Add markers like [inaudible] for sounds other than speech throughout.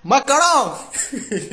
Makarong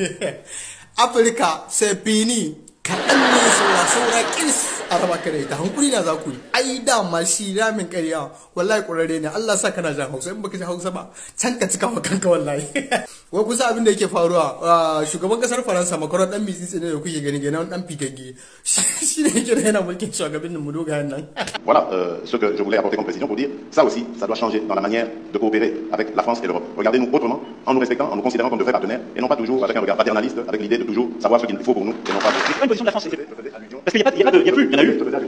[laughs] Apalika Sepini Kaini Surah Surah Kisah a raba ka da ita hankuri na za ku yi ai dama shi ramin ƙarya wallahi ƙwararre ne Allah sa kana jan Hausa in baka ji Hausa ba can ka cika wa kanka wallahi [laughs] wai kusa abin da yake faruwa shugaban kasar Faransa Macron dan bizitsi ne da kuke gani gani dan pikegge [laughs] shi ne yake yana mulkin shugabannin mu dogayen nan [laughs] voilà euh, ce que je voulais apporter comme précision pour dire ça aussi ça doit changer dans la manière de coopérer avec la France et l'Europe regardez-nous autrement en nous respectant en nous considérant comme de vrais partenaires et non pas toujours avec un regard paternaliste avec l'idée de toujours savoir ce qu'il faut pour nous et non pas pour... une position de la France parce qu'il n'y a, pas il a, a plus la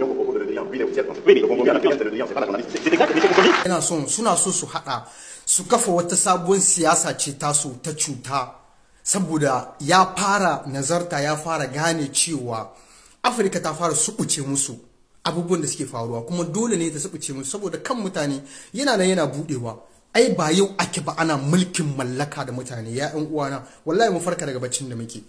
Ina son, suna so su haɗa su kafa wata sabuwar siyasa ce tasu ta cuta saboda ya fara nazarta ya fara gane cewa Afirka ta fara suɓuce musu abubuwan da suke faruwa kuma dole ne ta suɓuce musu saboda kan mutane yana nan yana buɗewa ai ba yau ake ba ana mulkin mallaka da mutane ya yan uwana wallahi mu farka daga baccin da muke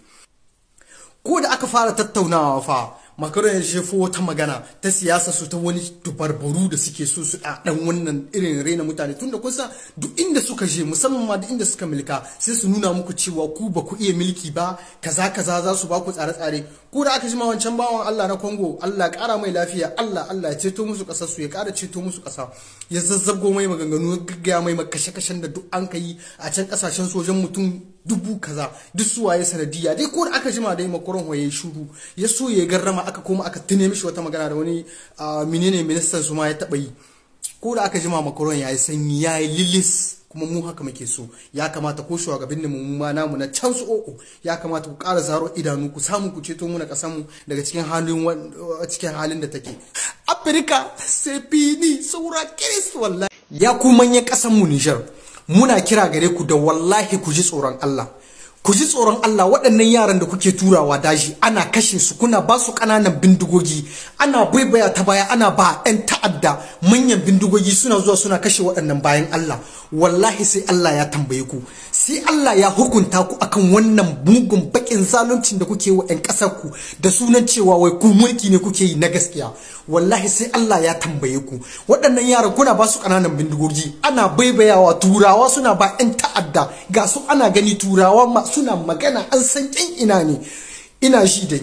ko da aka fara tattaunawa fa Macron ya shefo wata magana ta siyasa su ta wani dubarbaru da suke so su dan wannan irin raina mutane tunda kun san duk inda suka je musamman ma duk inda suka milka sai su nuna muku cewa ku ba ku iya milki ba kaza kaza za su ba ku tsare-tsare ku aka jima wancan bawan Allah na Kongo Allah kara mai lafiya Allah Allah ya ceto musu kasar su ya kara ceto musu kasa ya zazzabgo mai maganganu gaggaya mai makashe-kashen da duk an kai a can kasashen sojan mutum dubu kaza duk su waye sanadiya dai ko da aka jima dai makoron waye shuru ya so ya garrama aka koma aka tune mishi wata magana da wani ah, menene ministan su ma ya taɓa yi Koda aka jima makaron ya yi sanyi ya yi lilis kuma mu haka muke so ya kamata ko shugabannin mu ma namu na can su o'o oh, oh, ya kamata ku ƙara zaro idanu ku samu ku ceto mu na mu daga cikin halin uh, cikin halin da take afirka sai fini saura kiris wallahi ya kuma manyan ƙasar mu nijar muna kira gare ku da wallahi ku ji tsoron allah ku ji tsoron Allah waɗannan yaran da kuke turawa daji ana kashe su kuna ba su ƙananan bindigogi ana baibaya ta baya ana ba 'yan ta'adda manyan bindigogi suna zuwa suna kashe waɗannan bayan Allah wallahi sai Allah ya tambaye ku sai Allah ya hukunta ku akan wannan bugun bakin zaluncin da kuke wa 'yan ƙasar ku da sunan cewa wai ku mulki ne kuke yi na gaskiya wallahi sai Allah ya tambaye ku waɗannan yaran kuna ba su ƙananan bindigogi ana baibayawa turawa suna ba 'yan ta'adda ga su ana gani turawa masu suna magana an san kin ina ne ina shi da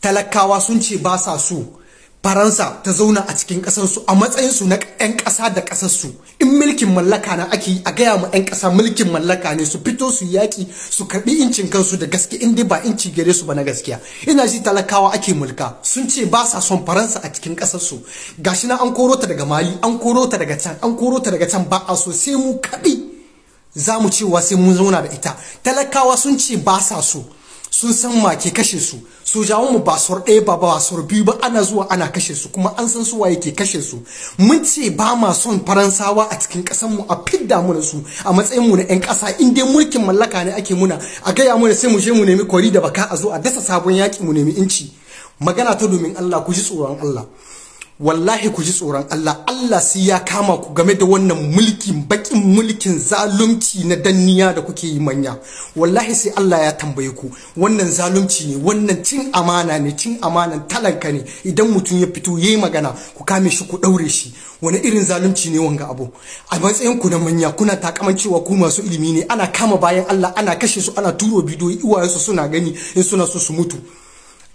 talakawa sun ce ba sa so faransa ta zauna a cikin ƙasarsu a matsayin su na 'yan ƙasa da ƙasarsu in mulkin mallaka na ake a gaya ma 'yan ƙasa mulkin mallaka ne su fito su yaki su karɓi incin kansu da gaske in dai ba inci gare su ba na gaskiya ina ji talakawa ake mulka sun ce ba sa son faransa a cikin ƙasarsu gashi na an korota daga mali an korota daga can an korota daga can ba a so sai mu kaɗai za mu cewa sai mun zauna da ita talakawa sun ce ba sa so sun san ma ke kashe su jawo mu ba sur ɗaya ba ba sur biyu ba ana zuwa ana kashe su kuma an san su waye ke kashe su mun ce ba ma son faransawa a cikin ƙasar mu a fidda mu da su a matsayin mu na ƴan ƙasa in dai mulkin mallaka ne ake muna a gaya mu sai mu je mu nemi kwari da baka a zo a dasa sabon yaƙi mu nemi inci magana ta domin Allah ku ji tsoron Allah wallahi ku ji tsoron Allah Allah sai ya kama ku game da wannan mulkin bakin mulkin zalunci na danniya da kuke yi manya wallahi sai Allah ya tambaye ku wannan zalunci ne wannan cin amana ne cin amanan talanka ne idan mutum ya fito yayi magana ku kame shi ku daure shi wani irin zalunci ne wanga abu a matsayin ku na manya kuna takaman cewa ku masu ilimi ne ana kama bayan Allah ana kashe su ana turo bidiyoyi su suna gani in suna so su mutu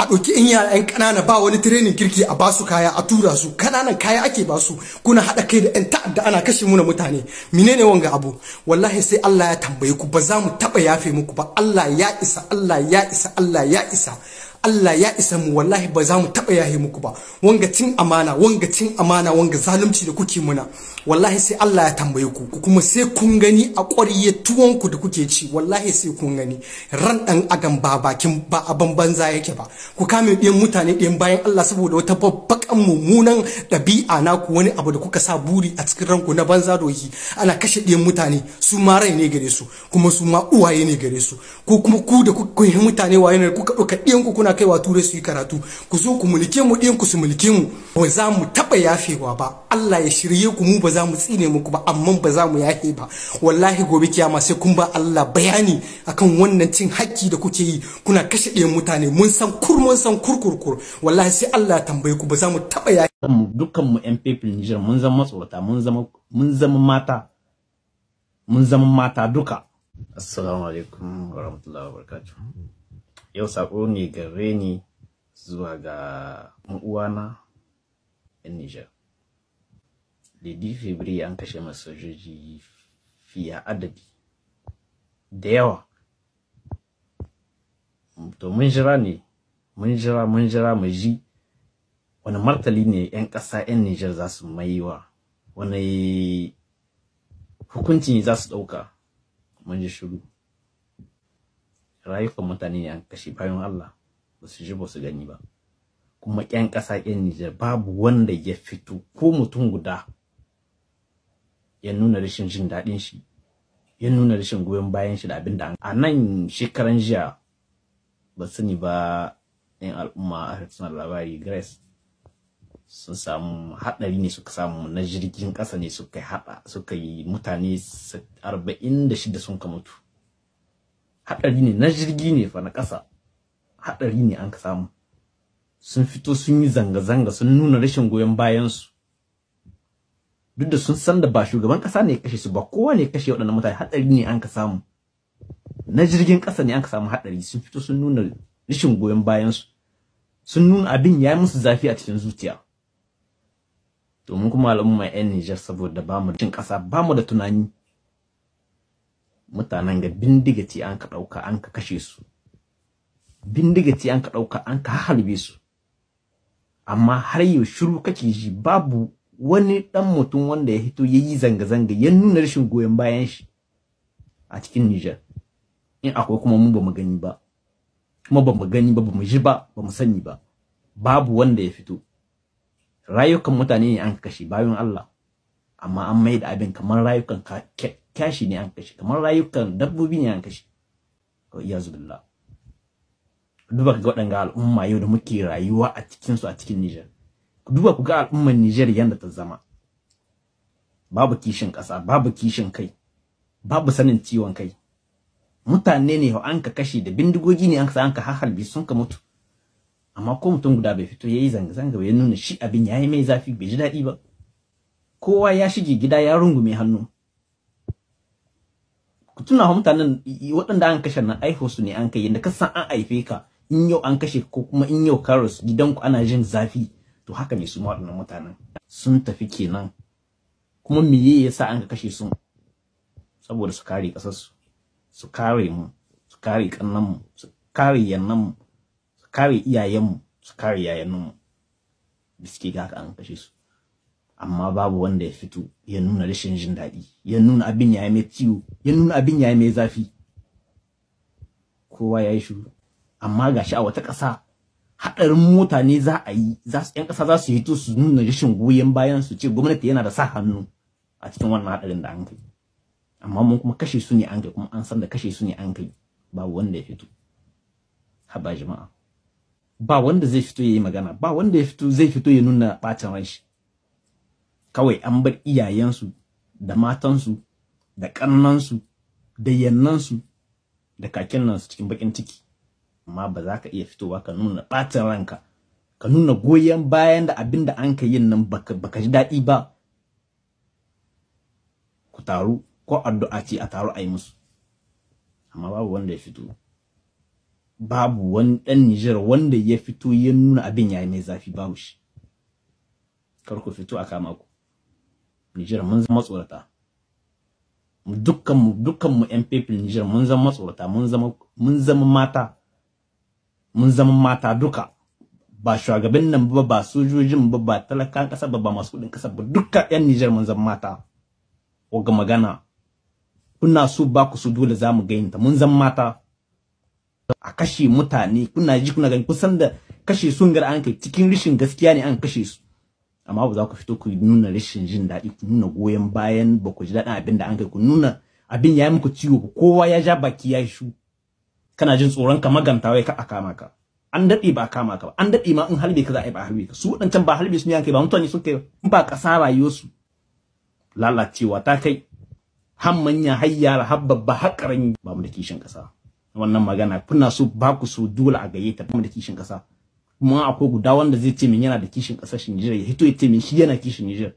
a ɗauki in yara 'yan ƙanana ba wani tirenin kirki a basu kaya a tura su ƙananan kaya ake basu kuna haɗa kai da 'yan ta'adda ana kashe muna mutane menene wanga abu wallahi sai Allah ya tambaye ku ba za mu taɓa yafe muku ba Allah ya isa Allah ya isa Allah ya isa Allah ya isa mu wallahi ba za mu taɓa yahe muku ba wanga cin amana wanga cin amana wanga zalunci da kuke muna wallahi sai Allah ya tambaye ku kuma sai kun gani a ƙwarye tuwon ku da kuke ci wallahi sai kun gani ran dan agan ba bakin ba aban banza yake ba ku kame ɗiyan mutane ɗiyan bayan Allah saboda wata babbakan mummunan ɗabi'a na ku wani abu da kuka sa buri a cikin ranku na banza doki ana kashe ɗiyan mutane su ma rai ne gare su kuma su ma uwaye ne gare su ko kuma ku da kuka mutane waye ne kuka ɗauka ɗayan ku muna kaiwa turai su yi karatu ku zo ku mulke mu ɗin ku su mulke mu ba za mu taɓa yafewa ba Allah ya shirye ku mu ba za mu tsine muku ba amma ba za mu yafe ba wallahi gobe kiyama sai kun ba Allah bayani akan wannan cin hakki da kuke yi kuna kashe ɗayan mutane mun san kur mun san kurkurkur wallahi sai Allah ya tambaye ku ba za mu taɓa yafe dukkan mu ƴan people Niger mun zama matsorata mun zama mun zama mata mun zama mata duka assalamu alaikum warahmatullahi wabarakatuh yau sako ne gare ni zuwa ga uwana yan Nijar. Lady Febri an kashe masu sojoji fiye adadi da yawa. To mun jira ne, mun jira mun jira mu ji wani martali ne 'yan ƙasa 'yan Nijar za su maiwa wani hukunci za su ɗauka mun ji shiru. rayukan mutane ne an kashe bayan Allah ba su ji ba su gani ba kuma ƴan ƙasa ƴan Nijar babu wanda ya fito ko mutum guda ya nuna rashin jin daɗin shi ya nuna rashin goyon bayan shi da abin da a nan shekaran jiya ba sani ba yan al'umma a suna labari grace sun samu haɗari ne suka samu na jirgin ƙasa ne suka yi mutane 46 sun ka mutu haɗari ne na jirgi ne fa na ƙasa haɗari ne an ka samu sun fito sun yi zanga-zanga sun nuna rashin goyon bayansu duk da sun san da ba shugaban ƙasa ne ya kashe su ba kowa ne ya kashe waɗannan mutane haɗari ne an ka samu na jirgin ƙasa ne an ka samu haɗari sun fito sun nuna rashin goyon bayansu sun nuna abin ya yi musu zafi a cikin zuciya domin kuma al'umma 'yan Nijar saboda bamu cin ƙasa mu da tunani mutanen ga bindiga ce an ka ɗauka an ka kashe su bindiga ce an ka ɗauka an ka harbe su amma har yau shiru kake ji babu wani ɗan mutum wanda ya hito yayi zanga-zanga ya nuna rashin goyon bayan shi a cikin Nijar in akwai kuma mu ba mu gani ba kuma ba mu gani ba ba mu ji ba ba mu sani ba babu wanda ya fito rayukan mutane ne an kashe bayan Allah amma an mai da abin kamar rayukan ka kyashi ne an kashe kamar rayukan dabbobi ne an kashe iyazu duba ga waɗanga al'umma yau da muke rayuwa a cikin a cikin Nijar. ku duba ku ga al'ummar Niger yanda ta zama babu kishin ƙasa babu kishin kai babu sanin ciwon kai mutane ne an ka kashe da bindigogi ne an ka an ka harbi sun ka mutu amma ko mutum guda bai fito yayi zanga zanga bai nuna shi abin yayi mai zafi bai ji daɗi ba kowa ya shige gida ya rungume hannu ku tuna mutanen waɗanda an kashe nan aiho su ne an kai ka san an haife ka in yau an kashe ko kuma in yau gidan gidanku ana jin zafi to haka ne su waɗannan mutanen sun tafi kenan kuma meye yasa an kashe su saboda su kare ƙasar su su kare mu su kare kannan mu su kare yannan mu su kare iyayen mu su kare yayannan mu biski ga haka an kashe su amma babu wanda ya fito ya nuna rashin jin daɗi ya nuna abin ya yi mai ciwo ya nuna abin ya yi mai zafi kowa ya yi shiru amma gashi a wata ƙasa haɗarin mota ne za a yi za su 'yan ƙasa za su hito su nuna rashin goyon bayan su ce gwamnati yana da sa hannu a cikin wannan haɗarin da an kai amma mun kuma kashe su ne an kai kuma an san da kashe su ne an kai babu wanda ya fito haba jama'a ba wanda zai fito ya yi magana ba wanda ya fito zai fito ya nuna ɓacin ran shi kawai an bar iyayensu da matansu da ƙannansu da yannansu da kakin su cikin bakin ciki amma ba za ka iya fitowa ka nuna ɓatin ranka ka nuna goyon bayan da abin da an ka yin nan baka ji daɗi ba ku taru ko addu'a ce a taru a yi musu amma babu wanda ya fito babu wani ɗan Nijar wanda ya fito ya nuna abin ya yi mai zafi babu shi kar ku fito a kama ku Nijar mun zama tsorata dukkanmu dukkanmu yan people Nijar mun zama tsorata mun zama mun zama mata mun zama mata duka ba shugaban nan ba ba sojojin ba ba talakan kasa ba ba masu kudin kasa ba dukkan yan Nijar mun zama mata ga magana kuna so ba ku su dole zamu gayinta mun zama mata a kashe mutane kuna ji kuna gani kusan da kashe sun gar an kai cikin rishin gaskiya ne an kashe su amma ba za ku fito ku nuna rashin jin daɗi ku nuna goyon bayan ba ku ji daɗin abin da an kai ku nuna abin ya yi muku ciwo kowa ya ja baki ya shu kana jin tsoron ka maganta wai ka a kama ka an daɗe ba a kama ka ba an daɗe ma in halbe ka za a yi ba halbe ka su waɗancan ba halbe su ne kai ba mutane sun kai ba ƙasa rayuwarsu lalacewa ta kai har manya har yara har babba har ƙarami ba mu da kishin ƙasa wannan magana kuna so ba ku so dole a gayyata ba mu da kishin ƙasa kuma akwai guda wanda zai ce min yana da kishin ƙasar Nijar ya hito ya ce min shi yana kishin Nijar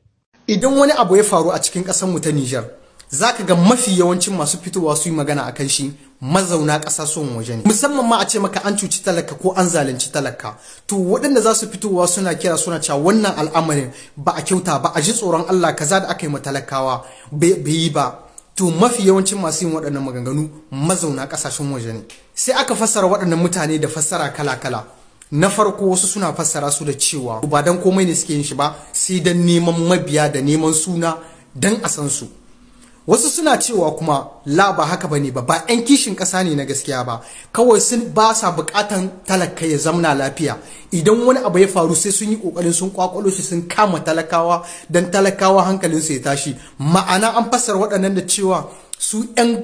idan wani abu ya faru a cikin ƙasar mu ta Nijar zaka ga mafi yawancin masu fitowa su yi magana akan shi mazauna ƙasa son waje ne musamman ma a ce maka an cuci talaka ko an zalunci talaka to waɗanda za su fitowa suna kira suna cewa wannan al'amarin ba a kyauta ba a ji tsoron Allah kaza da aka yi talakawa bai yi ba to mafi yawancin masu yin waɗannan maganganu mazauna ƙasashen waje ne sai aka fassara waɗannan mutane da fassara kala-kala na farko wasu suna fassara su da cewa ba dan komai ne suke yin shi ba sai dan neman mabiya da neman suna dan a san su wasu suna cewa kuma la ba haka bane ba ba yan kishin ƙasa ne na gaskiya ba kawai sun ba sa buƙatan talaka ya zamna lafiya idan wani abu ya faru sai sun yi ƙoƙarin sun kwakwalo shi sun kama talakawa dan talakawa hankalinsu ya tashi ma'ana an fassara waɗannan da cewa su 'yan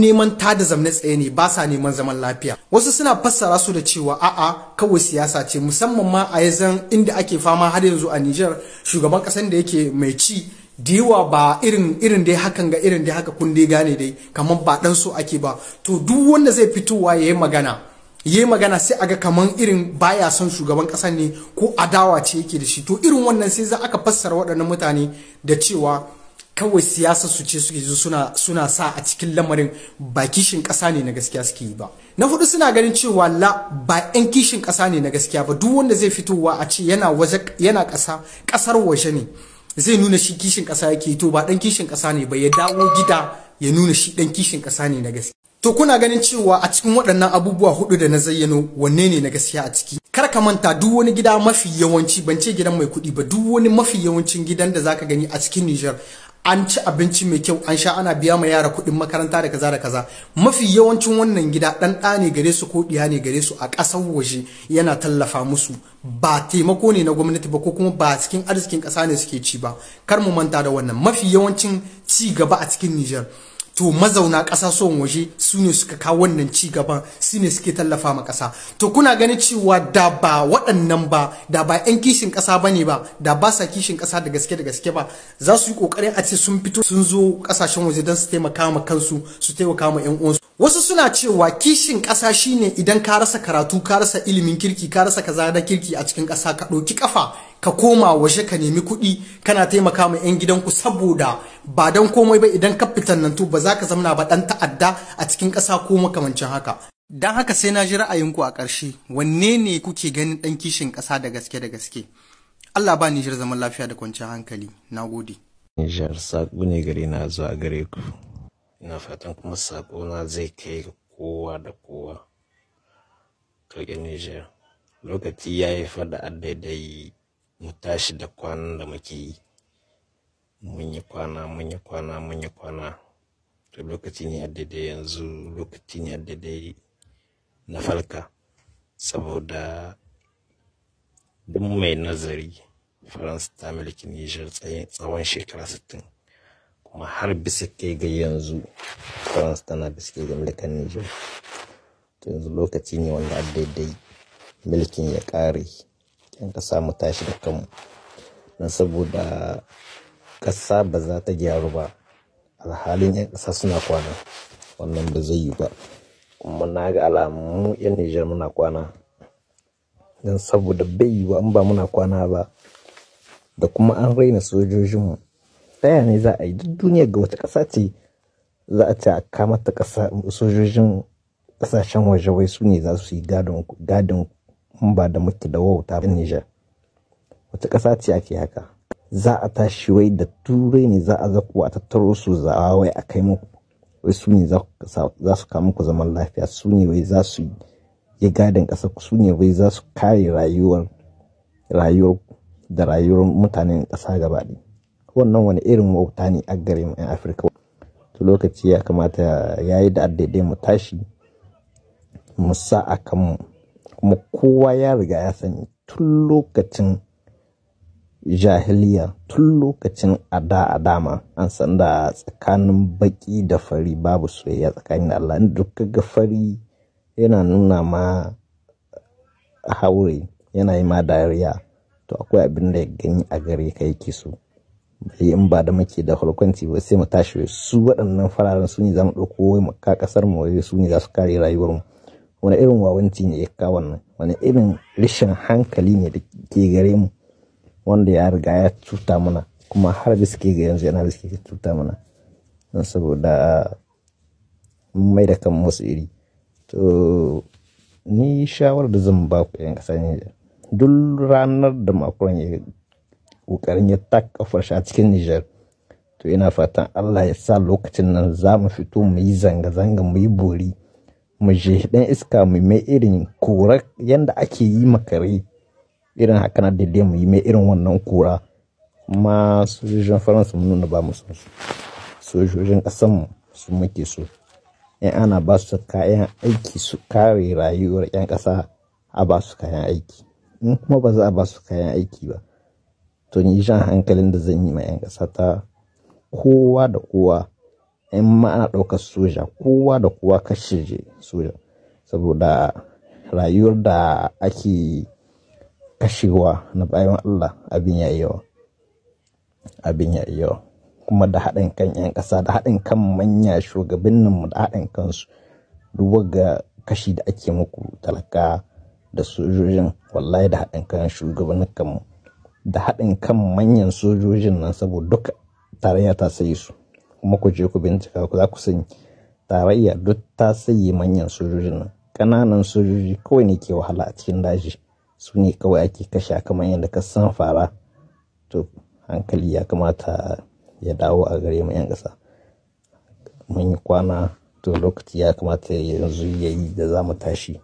neman tada zamne tsaye ne ba sa neman zaman lafiya wasu suna fassara su da cewa a'a kawai siyasa ce musamman ma a yanzu inda ake fama har yanzu a Niger shugaban kasan da yake mai ci diwa ba irin irin dai hakan ga irin dai haka kun dai gane dai kamar ba dan so ake ba to duk wanda zai fitowa yayi magana yayi magana sai aga kaman irin baya son shugaban kasa ne ko adawa ce yake da shi to irin wannan sai za aka fassara waɗannan mutane da cewa kawai siyasa su ce suke suna suna sa a cikin lamarin ba kishin ƙasa ne na gaskiya suke yi ba na hudu suna ganin cewa la ba yan kishin ƙasa ne na gaskiya ba duk wanda zai fitowa a ce yana waje yana ƙasa ƙasar waje ne zai nuna shi kishin ƙasa yake to ba dan kishin kasa ne ba ya dawo gida ya nuna shi dan kishin ƙasa ne na gaskiya to kuna ganin cewa a cikin waɗannan abubuwa hudu da na zayyano wanne ne na gaskiya a ciki kar ka manta duk wani gida mafi yawanci ban ce gidan mai kuɗi ba duk wani mafi yawancin gidan da zaka gani a cikin Niger an ci abinci mai kyau an sha ana biya ma yara kuɗin makaranta da kaza da kaza mafi yawancin wannan gida ɗan ɗa ne gare su ko ɗiya ne gare su a ƙasar waje yana tallafa musu ba taimako ne na gwamnati ba ko kuma ba cikin arzikin ƙasa ne suke ci ba kar mu manta da wannan mafi yawancin ci gaba a cikin Nijar to mazauna ƙasa son waje su ne suka kawo wannan ci gaban su ne suke tallafa ma ƙasa to kuna ganin cewa da ba waɗannan ba da ba 'yan kishin ƙasa ba ne ba da ba sa kishin ƙasa da gaske da gaske ba za su yi ƙoƙarin a ce sun fito sun zo ƙasashen waje don su taimaka ma kansu su taimaka ma 'yan uwansu wasu suna cewa kishin ƙasa shine idan ka rasa karatu ka rasa ilimin kirki ka rasa kaza da kirki a cikin ƙasa ka ɗauki ƙafa ka koma waje ka nemi kuɗi kana taimaka ma 'yan gidanku saboda ba don komai ba idan ka fitannantu ba za ka zamana ba ɗan ta'adda a cikin ƙasa ko makamancin haka. Don haka sai na ji ra'ayinku a ƙarshe wanne ne kuke ganin ɗan kishin ƙasa da gaske da gaske. Allah ba Nijar zaman lafiya da kwanciyar hankali. Na gode. Nijar saƙo ne gare na zuwa gare ku. Ina fatan kuma saƙo na zai kai kowa da kowa. Kage Nijar. Lokaci ya yi fada daidai mu tashi da kwanan da muke yi. munyi kwana mun yi kwana mun kwana to lokaci ne ya daidai yanzu lokaci ne ya daidai na falka saboda duk mai nazari faransa ta mulki nijar tsawon shekara 60 kuma har bisa kai ga yanzu faransa tana bisa kai ga milikan nijar to yanzu lokaci ne wanda daidai mulkin ya ƙare yan ƙasa mu tashi da kanmu don saboda ƙasa ba za ta gyaru ba alhalin 'yan ƙasa suna kwana wannan ba zai yi ba kuma na ga alamu 'yan nijar muna kwana don saboda bai yi an ba muna kwana ba da kuma an raina sojojinmu ta ne za a yi duk duniya ga wata ƙasa ce za a ce a kama ta sojojin ƙasashen waje wai su ne za su yi gadon ba da muke da wauta nijar wata ƙasa ce ake haka za a tashi wai da turai ne za a zaku a tattaro su za a wai a kai muku wai su ne za su kawo muku zaman lafiya su ne wai za su yi gadin ƙasar su ne wai za su kare rayuwar rayuwar da rayuwar mutanen ƙasa gaba ɗaya wannan wani irin wauta ne a gare mu 'yan afirka to lokaci ya kamata ya yi da addaidai mu tashi mu sa a kanmu kuma kowa ya riga ya sani tun lokacin jahiliya tun lokacin ada a dama an san da tsakanin baki da fari babu soyayya tsakanin Allah duk ga fari yana nuna ma haure yana yi ma dariya to akwai abin da ya gani a gare ka yake so bai in ba da muke da hulkwanci ba sai mu tashi su waɗannan fararen su ne za mu ɗauko wai mu ka ƙasar mu wai su ne za su kare rayuwar mu wani irin wawanci ne ya kawo wannan wani irin rashin hankali ne da ke gare mu wanda ya riga ya cuta mana kuma har suke ga yanzu yana da suke cuta mana don saboda mai da kan masu iri to ni shawarar da zan ba ku yan kasar ne duk ranar da makon ya kokarin ya taka kafar cikin Nijar to ina fatan Allah ya sa lokacin nan za mu fito mu yi zanga-zanga mu yi bori mu je dan iska mu mai irin korak yanda ake yi makare irin haka na daidai mu yi mai irin wannan kura ma sojojin faransa mun nuna ba mu son su sojojin ƙasan mu su muke so in ana ba su kayan aiki su kare rayuwar 'yan ƙasa a ba su kayan aiki in kuma ba za a ba su kayan aiki ba to ni jan hankalin da zan yi ma 'yan ƙasa ta kowa da kowa in ma ana ɗaukar soja kowa da kowa kashe soja saboda rayuwar da ake kashewa na bayan Allah abin ya yi abin ya yawa kuma da haɗin kan 'yan ƙasa da haɗin kan manya shugabanninmu da haɗin kansu duba ga kashi da ake muku talaka da sojojin wallahi da haɗin kan shugabannin kanmu da haɗin kan manyan sojojin nan saboda duka tarayya ta sayi su kuma ku je ku bincika ku za ku sani tarayya duk ta sayi manyan sojojin nan ƙananan sojoji kawai ne ke wahala a cikin daji su ne kawai ake kashe kamar yadda ka san fara to hankali ya kamata ya dawo a gare mu 'yan ƙasa mun yi kwana to lokaci ya kamata yanzu ya yi da za mu tashi